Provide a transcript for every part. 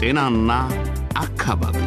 ጤናና አካባቢ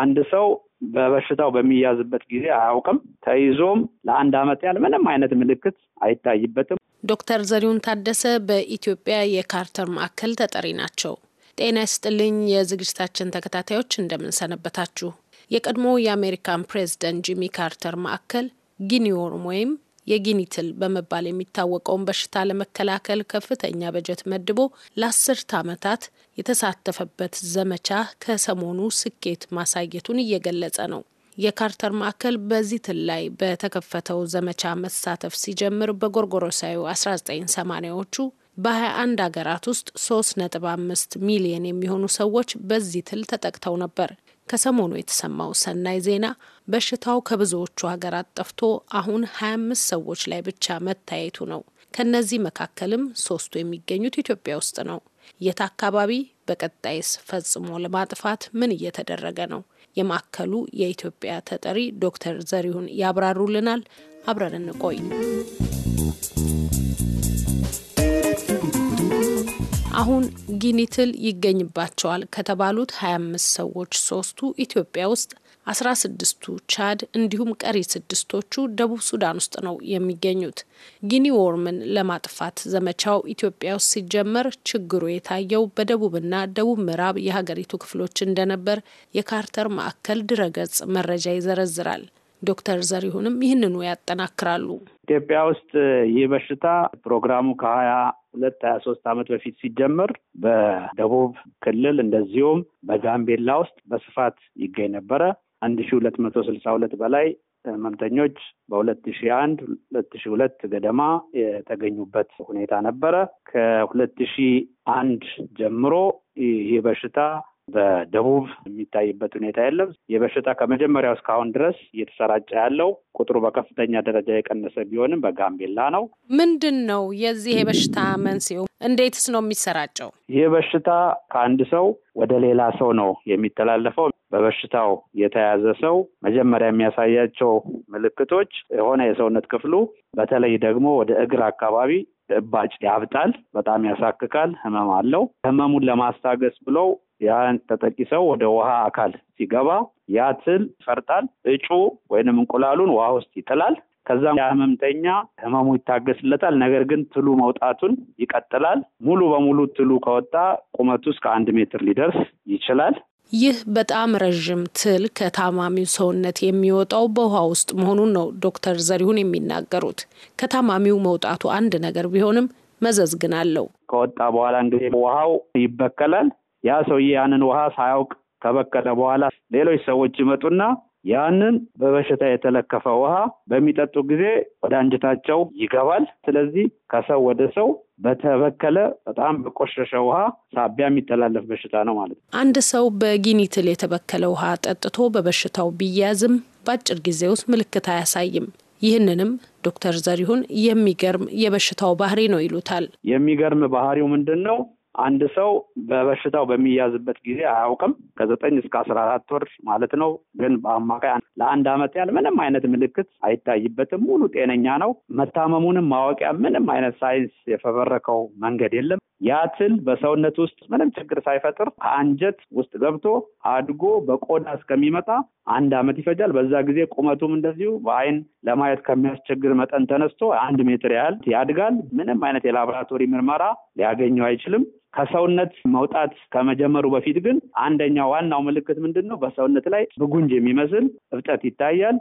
አንድ ሰው በበሽታው በሚያዝበት ጊዜ አያውቅም። ተይዞም ለአንድ ዓመት ያህል ምንም አይነት ምልክት አይታይበትም። ዶክተር ዘሪሁን ታደሰ በኢትዮጵያ የካርተር ማዕከል ተጠሪ ናቸው። ጤና ይስጥልኝ የዝግጅታችን ተከታታዮች እንደምንሰነበታችሁ። የቀድሞ የአሜሪካን ፕሬዝደንት ጂሚ ካርተር ማዕከል ጊኒዮርም ወይም የጊኒትል በመባል የሚታወቀውን በሽታ ለመከላከል ከፍተኛ በጀት መድቦ ለአስርት ዓመታት የተሳተፈበት ዘመቻ ከሰሞኑ ስኬት ማሳየቱን እየገለጸ ነው። የካርተር ማዕከል በዚህ ትል ላይ በተከፈተው ዘመቻ መሳተፍ ሲጀምር በጎርጎሮሳዊ 1980ዎቹ በ21 ሀገራት ውስጥ 3.5 ሚሊዮን የሚሆኑ ሰዎች በዚህ ትል ተጠቅተው ነበር። ከሰሞኑ የተሰማው ሰናይ ዜና በሽታው ከብዙዎቹ ሀገራት ጠፍቶ አሁን 25 ሰዎች ላይ ብቻ መታየቱ ነው። ከነዚህ መካከልም ሶስቱ የሚገኙት ኢትዮጵያ ውስጥ ነው። የት አካባቢ? በቀጣይስ ፈጽሞ ለማጥፋት ምን እየተደረገ ነው? የማዕከሉ የኢትዮጵያ ተጠሪ ዶክተር ዘሪሁን ያብራሩልናል። አብረን እንቆይ። አሁን ጊኒ ትል ይገኝባቸዋል ከተባሉት 25 ሰዎች ሶስቱ ኢትዮጵያ ውስጥ፣ 16ቱ ቻድ እንዲሁም ቀሪ ስድስቶቹ ደቡብ ሱዳን ውስጥ ነው የሚገኙት። ጊኒ ወርምን ለማጥፋት ዘመቻው ኢትዮጵያ ውስጥ ሲጀመር ችግሩ የታየው በደቡብና ደቡብ ምዕራብ የሀገሪቱ ክፍሎች እንደነበር የካርተር ማዕከል ድረገጽ መረጃ ይዘረዝራል። ዶክተር ዘሪሁንም ይህንኑ ያጠናክራሉ። ኢትዮጵያ ውስጥ ይህ በሽታ ፕሮግራሙ ከሀያ ሁለት ሀያ ሶስት ዓመት በፊት ሲጀምር በደቡብ ክልል እንደዚሁም በጋምቤላ ውስጥ በስፋት ይገኝ ነበረ። አንድ ሺ ሁለት መቶ ስልሳ ሁለት በላይ ህመምተኞች በሁለት ሺ አንድ ሁለት ሺ ሁለት ገደማ የተገኙበት ሁኔታ ነበረ። ከሁለት ሺ አንድ ጀምሮ ይህ በሽታ በደቡብ የሚታይበት ሁኔታ የለም። የበሽታ ከመጀመሪያው እስካሁን ድረስ እየተሰራጨ ያለው ቁጥሩ በከፍተኛ ደረጃ የቀነሰ ቢሆንም በጋምቤላ ነው። ምንድን ነው የዚህ የበሽታ መንስኤው? እንዴትስ ነው የሚሰራጨው? ይህ በሽታ ከአንድ ሰው ወደ ሌላ ሰው ነው የሚተላለፈው። በበሽታው የተያዘ ሰው መጀመሪያ የሚያሳያቸው ምልክቶች የሆነ የሰውነት ክፍሉ በተለይ ደግሞ ወደ እግር አካባቢ እባጭ ያብጣል፣ በጣም ያሳክካል፣ ህመም አለው። ህመሙን ለማስታገስ ብለው ያን ተጠቂ ሰው ወደ ውሃ አካል ሲገባ ያ ትል ይፈርጣል። እጩ ወይንም እንቁላሉን ውሃ ውስጥ ይጥላል። ከዛም ህመምተኛ ህመሙ ይታገስለታል። ነገር ግን ትሉ መውጣቱን ይቀጥላል። ሙሉ በሙሉ ትሉ ከወጣ ቁመቱ እስከ አንድ ሜትር ሊደርስ ይችላል። ይህ በጣም ረዥም ትል ከታማሚው ሰውነት የሚወጣው በውሃ ውስጥ መሆኑን ነው ዶክተር ዘሪሁን የሚናገሩት። ከታማሚው መውጣቱ አንድ ነገር ቢሆንም መዘዝ ግን አለው። ከወጣ በኋላ እንግዲህ ውሃው ይበከላል። ያ ሰውዬ ያንን ውሃ ሳያውቅ ከበከለ በኋላ ሌሎች ሰዎች ይመጡና ያንን በበሽታ የተለከፈ ውሃ በሚጠጡ ጊዜ ወደ አንጀታቸው ይገባል። ስለዚህ ከሰው ወደ ሰው በተበከለ በጣም በቆሸሸ ውሃ ሳቢያ የሚተላለፍ በሽታ ነው ማለት ነው። አንድ ሰው በጊኒትል የተበከለ ውሃ ጠጥቶ በበሽታው ቢያዝም በአጭር ጊዜ ውስጥ ምልክት አያሳይም። ይህንንም ዶክተር ዘሪሁን የሚገርም የበሽታው ባህሪ ነው ይሉታል። የሚገርም ባህሪው ምንድን ነው? አንድ ሰው በበሽታው በሚያዝበት ጊዜ አያውቅም። ከዘጠኝ እስከ አስራ አራት ወር ማለት ነው። ግን በአማካይ ለአንድ ዓመት ያህል ምንም አይነት ምልክት አይታይበትም። ሙሉ ጤነኛ ነው። መታመሙንም ማወቂያ ምንም አይነት ሳይንስ የፈበረከው መንገድ የለም። ያ ትል በሰውነት ውስጥ ምንም ችግር ሳይፈጥር ከአንጀት ውስጥ ገብቶ አድጎ በቆዳ እስከሚመጣ አንድ ዓመት ይፈጃል። በዛ ጊዜ ቁመቱም እንደዚሁ በአይን ለማየት ከሚያስቸግር መጠን ተነስቶ አንድ ሜትር ያህል ያድጋል። ምንም አይነት የላቦራቶሪ ምርመራ ሊያገኘው አይችልም። ከሰውነት መውጣት ከመጀመሩ በፊት ግን አንደኛው ዋናው ምልክት ምንድን ነው? በሰውነት ላይ ብጉንጅ የሚመስል እብጠት ይታያል።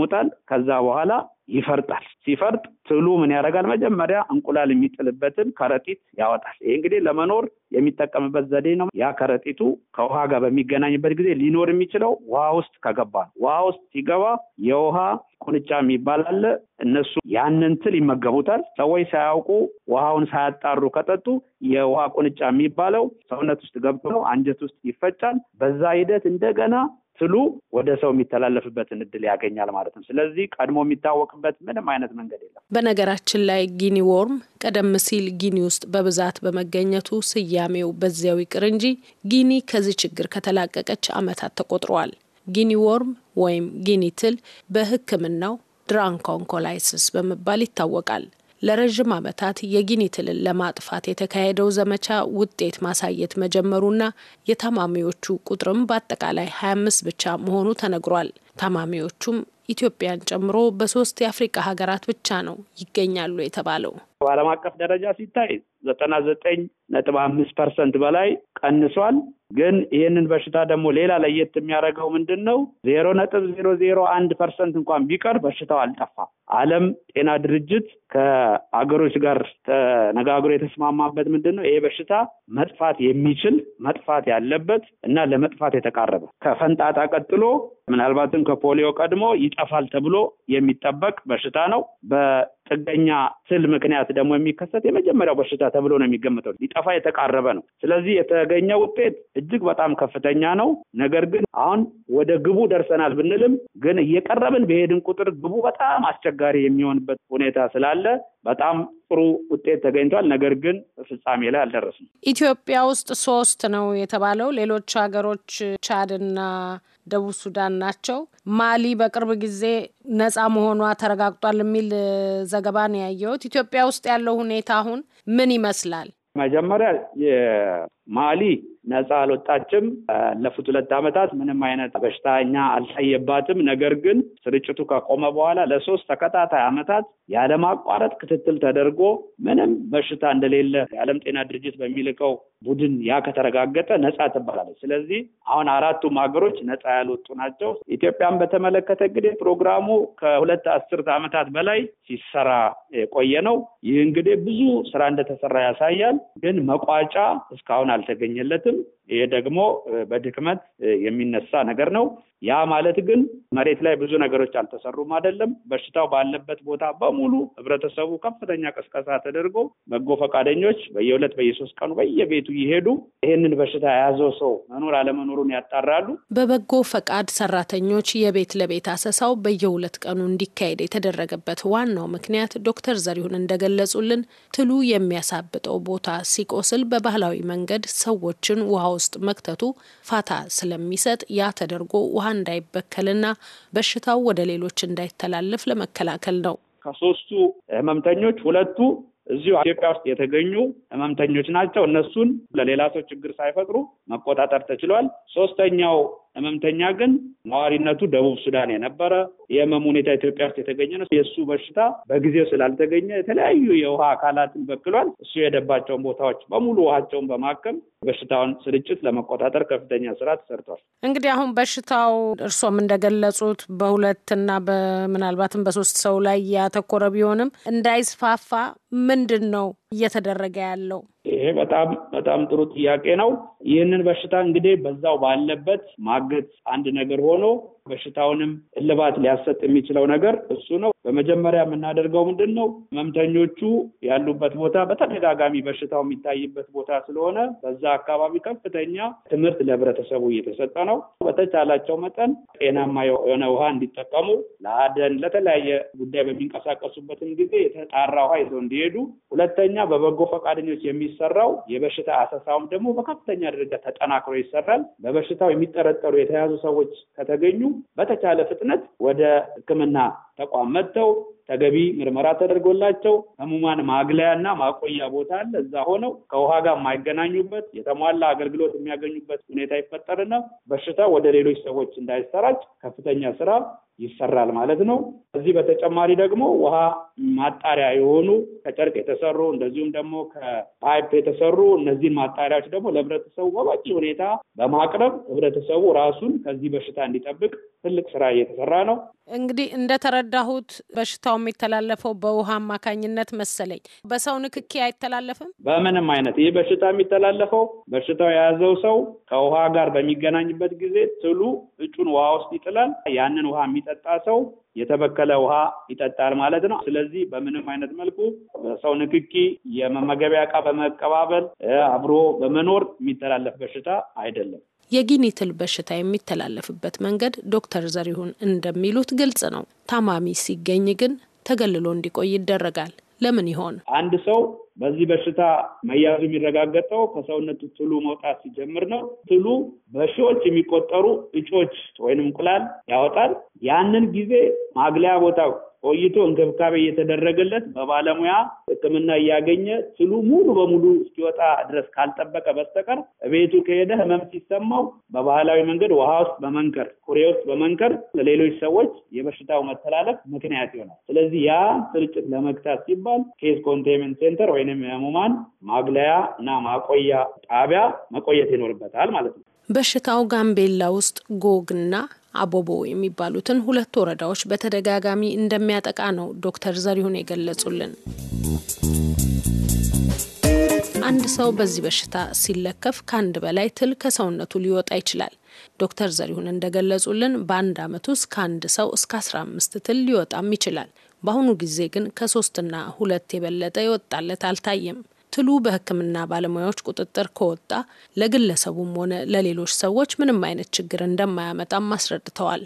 ሙጣል። ከዛ በኋላ ይፈርጣል። ሲፈርጥ ትሉ ምን ያደርጋል? መጀመሪያ እንቁላል የሚጥልበትን ከረጢት ያወጣል። ይህ እንግዲህ ለመኖር የሚጠቀምበት ዘዴ ነው። ያ ከረጢቱ ከውሃ ጋር በሚገናኝበት ጊዜ ሊኖር የሚችለው ውሃ ውስጥ ከገባ ነው። ውሃ ውስጥ ሲገባ የውሃ ቁንጫ የሚባል አለ። እነሱ ያንን ትል ይመገቡታል። ሰዎች ሳያውቁ ውሃውን ሳያጣሩ ከጠጡ የውሃ ቁንጫ የሚባለው ሰውነት ውስጥ ገብቶ ነው አንጀት ውስጥ ይፈጫል። በዛ ሂደት እንደገና ስሉ ወደ ሰው የሚተላለፍበትን እድል ያገኛል ማለት ነው። ስለዚህ ቀድሞ የሚታወቅበት ምንም አይነት መንገድ የለም። በነገራችን ላይ ጊኒ ወርም ቀደም ሲል ጊኒ ውስጥ በብዛት በመገኘቱ ስያሜው በዚያው ይቅር እንጂ ጊኒ ከዚህ ችግር ከተላቀቀች ዓመታት ተቆጥረዋል። ጊኒ ወርም ወይም ጊኒ ትል በሕክምናው ድራንኮንኮላይስስ በመባል ይታወቃል። ለረዥም ዓመታት የጊኒ ትልን ለማጥፋት የተካሄደው ዘመቻ ውጤት ማሳየት መጀመሩና የታማሚዎቹ ቁጥርም በአጠቃላይ 25 ብቻ መሆኑ ተነግሯል። ታማሚዎቹም ኢትዮጵያን ጨምሮ በሶስት የአፍሪካ ሀገራት ብቻ ነው ይገኛሉ የተባለው። በዓለም አቀፍ ደረጃ ሲታይ ዘጠና ዘጠኝ ነጥብ አምስት ፐርሰንት በላይ ቀንሷል። ግን ይህንን በሽታ ደግሞ ሌላ ለየት የሚያደርገው ምንድን ነው? ዜሮ ነጥብ ዜሮ ዜሮ አንድ ፐርሰንት እንኳን ቢቀር በሽታው አልጠፋም። ዓለም ጤና ድርጅት ከአገሮች ጋር ተነጋግሮ የተስማማበት ምንድን ነው? ይሄ በሽታ መጥፋት የሚችል መጥፋት ያለበት እና ለመጥፋት የተቃረበ ከፈንጣጣ ቀጥሎ ምናልባትም ከፖሊዮ ቀድሞ ይጠፋል ተብሎ የሚጠበቅ በሽታ ነው። ጥገኛ ስል ምክንያት ደግሞ የሚከሰት የመጀመሪያው በሽታ ተብሎ ነው የሚገመተው። ሊጠፋ የተቃረበ ነው። ስለዚህ የተገኘ ውጤት እጅግ በጣም ከፍተኛ ነው። ነገር ግን አሁን ወደ ግቡ ደርሰናል ብንልም ግን እየቀረብን በሄድን ቁጥር ግቡ በጣም አስቸጋሪ የሚሆንበት ሁኔታ ስላለ በጣም ጥሩ ውጤት ተገኝቷል። ነገር ግን ፍጻሜ ላይ አልደረስም። ኢትዮጵያ ውስጥ ሶስት ነው የተባለው ሌሎች ሀገሮች ቻድና ደቡብ ሱዳን ናቸው። ማሊ በቅርብ ጊዜ ነጻ መሆኗ ተረጋግጧል የሚል ዘገባ ነው ያየሁት። ኢትዮጵያ ውስጥ ያለው ሁኔታ አሁን ምን ይመስላል? መጀመሪያ ማሊ ነፃ አልወጣችም። ያለፉት ሁለት ዓመታት ምንም አይነት በሽታ እኛ አልታየባትም። ነገር ግን ስርጭቱ ከቆመ በኋላ ለሶስት ተከታታይ ዓመታት ያለማቋረጥ ክትትል ተደርጎ ምንም በሽታ እንደሌለ የዓለም ጤና ድርጅት በሚልከው ቡድን ያ ከተረጋገጠ ነፃ ትባላለች። ስለዚህ አሁን አራቱም ሀገሮች ነፃ ያልወጡ ናቸው። ኢትዮጵያን በተመለከተ እንግዲህ ፕሮግራሙ ከሁለት አስርት ዓመታት በላይ ሲሰራ የቆየ ነው። ይህ እንግዲህ ብዙ ስራ እንደተሰራ ያሳያል። ግን መቋጫ እስካሁን አልተገኘለትም። ይሄ ደግሞ በድክመት የሚነሳ ነገር ነው። ያ ማለት ግን መሬት ላይ ብዙ ነገሮች አልተሰሩም አይደለም። በሽታው ባለበት ቦታ በሙሉ ህብረተሰቡ ከፍተኛ ቀስቀሳ ተደርጎ በጎ ፈቃደኞች በየሁለት በየሶስት ቀኑ በየቤቱ እየሄዱ ይህንን በሽታ የያዘው ሰው መኖር አለመኖሩን ያጣራሉ። በበጎ ፈቃድ ሰራተኞች የቤት ለቤት አሰሳው በየሁለት ቀኑ እንዲካሄድ የተደረገበት ዋናው ምክንያት ዶክተር ዘሪሁን እንደገለጹልን ትሉ የሚያሳብጠው ቦታ ሲቆስል በባህላዊ መንገድ ሰዎችን ውሃ ውስጥ መክተቱ ፋታ ስለሚሰጥ ያ ተደርጎ ውሃ እንዳይበከልና በሽታው ወደ ሌሎች እንዳይተላለፍ ለመከላከል ነው። ከሶስቱ ህመምተኞች ሁለቱ እዚሁ ኢትዮጵያ ውስጥ የተገኙ ህመምተኞች ናቸው። እነሱን ለሌላ ሰው ችግር ሳይፈጥሩ መቆጣጠር ተችሏል። ሶስተኛው ህመምተኛ ግን ነዋሪነቱ ደቡብ ሱዳን የነበረ የህመም ሁኔታ ኢትዮጵያ ውስጥ የተገኘ ነው። የእሱ በሽታ በጊዜው ስላልተገኘ የተለያዩ የውሃ አካላትን በክሏል። እሱ የደባቸውን ቦታዎች በሙሉ ውሃቸውን በማከም በሽታውን ስርጭት ለመቆጣጠር ከፍተኛ ስራ ተሰርቷል። እንግዲህ አሁን በሽታው እርሶም እንደገለጹት በሁለትና በምናልባትም በሶስት ሰው ላይ ያተኮረ ቢሆንም እንዳይስፋፋ ምንድን ነው እየተደረገ ያለው? ይሄ በጣም በጣም ጥሩ ጥያቄ ነው። ይህንን በሽታ እንግዲህ በዛው ባለበት ማገት አንድ ነገር ሆኖ በሽታውንም እልባት ሊያሰጥ የሚችለው ነገር እሱ ነው። በመጀመሪያ የምናደርገው ምንድን ነው? ህመምተኞቹ ያሉበት ቦታ በተደጋጋሚ በሽታው የሚታይበት ቦታ ስለሆነ በዛ አካባቢ ከፍተኛ ትምህርት ለህብረተሰቡ እየተሰጠ ነው። በተቻላቸው መጠን ጤናማ የሆነ ውሃ እንዲጠቀሙ፣ ለአደን ለተለያየ ጉዳይ በሚንቀሳቀሱበትም ጊዜ የተጣራ ውሃ ይዘው እንዲሄዱ፣ ሁለተኛ በበጎ ፈቃደኞች የሚሰራው የበሽታ አሰሳውም ደግሞ በከፍተኛ ደረጃ ተጠናክሮ ይሰራል። በበሽታው የሚጠረጠሩ የተያዙ ሰዎች ከተገኙ በተቻለ ፍጥነት ወደ ሕክምና ተቋም መጥተው ተገቢ ምርመራ ተደርጎላቸው ህሙማን ማግለያና ማቆያ ቦታ አለ። እዛ ሆነው ከውሃ ጋር የማይገናኙበት የተሟላ አገልግሎት የሚያገኙበት ሁኔታ ይፈጠርና በሽታ ወደ ሌሎች ሰዎች እንዳይሰራጭ ከፍተኛ ስራ ይሰራል ማለት ነው። ከዚህ በተጨማሪ ደግሞ ውሃ ማጣሪያ የሆኑ ከጨርቅ የተሰሩ እንደዚሁም ደግሞ ከፓይፕ የተሰሩ እነዚህን ማጣሪያዎች ደግሞ ለህብረተሰቡ በበቂ ሁኔታ በማቅረብ ህብረተሰቡ ራሱን ከዚህ በሽታ እንዲጠብቅ ትልቅ ስራ እየተሰራ ነው። እንግዲህ እንደተረዳሁት በሽታው የሚተላለፈው በውሃ አማካኝነት መሰለኝ፣ በሰው ንክኪ አይተላለፍም። በምንም አይነት ይህ በሽታ የሚተላለፈው በሽታው የያዘው ሰው ከውሃ ጋር በሚገናኝበት ጊዜ ትሉ እጩን ውሃ ውስጥ ይጥላል። ያንን ውሃ የሚጠ የሚጠጣ ሰው የተበከለ ውሃ ይጠጣል ማለት ነው። ስለዚህ በምንም አይነት መልኩ በሰው ንክኪ፣ የመመገቢያ እቃ በመቀባበል አብሮ በመኖር የሚተላለፍ በሽታ አይደለም። የጊኒ ትል በሽታ የሚተላለፍበት መንገድ ዶክተር ዘሪሁን እንደሚሉት ግልጽ ነው። ታማሚ ሲገኝ ግን ተገልሎ እንዲቆይ ይደረጋል። ለምን ይሆን? አንድ ሰው በዚህ በሽታ መያዙ የሚረጋገጠው ከሰውነቱ ትሉ መውጣት ሲጀምር ነው። ትሉ በሺዎች የሚቆጠሩ እጮች ወይንም እንቁላል ያወጣል። ያንን ጊዜ ማግለያ ቦታ ቆይቶ እንክብካቤ እየተደረገለት በባለሙያ ሕክምና እያገኘ ትሉ ሙሉ በሙሉ እስኪወጣ ድረስ ካልጠበቀ በስተቀር ቤቱ ከሄደ ህመም ሲሰማው በባህላዊ መንገድ ውሃ ውስጥ በመንከር ኩሬ ውስጥ በመንከር ለሌሎች ሰዎች የበሽታው መተላለፍ ምክንያት ይሆናል። ስለዚህ ያ ስርጭት ለመግታት ሲባል ኬስ ኮንቴንመንት ሴንተር ወይንም የህሙማን ማግለያ እና ማቆያ ጣቢያ መቆየት ይኖርበታል ማለት ነው። በሽታው ጋምቤላ ውስጥ ጎግና አቦቦ የሚባሉትን ሁለት ወረዳዎች በተደጋጋሚ እንደሚያጠቃ ነው ዶክተር ዘሪሁን የገለጹልን። አንድ ሰው በዚህ በሽታ ሲለከፍ ከአንድ በላይ ትል ከሰውነቱ ሊወጣ ይችላል። ዶክተር ዘሪሁን እንደገለጹልን በአንድ ዓመት ውስጥ ከአንድ ሰው እስከ 15 ትል ሊወጣም ይችላል። በአሁኑ ጊዜ ግን ከሶስትና ሁለት የበለጠ ይወጣለት አልታየም። ትሉ በሕክምና ባለሙያዎች ቁጥጥር ከወጣ ለግለሰቡም ሆነ ለሌሎች ሰዎች ምንም አይነት ችግር እንደማያመጣም አስረድተዋል።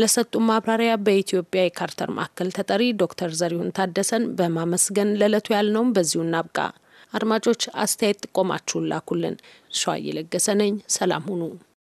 ለሰጡን ማብራሪያ በኢትዮጵያ የካርተር ማዕከል ተጠሪ ዶክተር ዘሪሁን ታደሰን በማመስገን ለዕለቱ ያልነውም በዚሁ እናብቃ። አድማጮች አስተያየት ጥቆማችሁን ላኩልን። ሸዋ እየለገሰ ነኝ። ሰላም ሁኑ።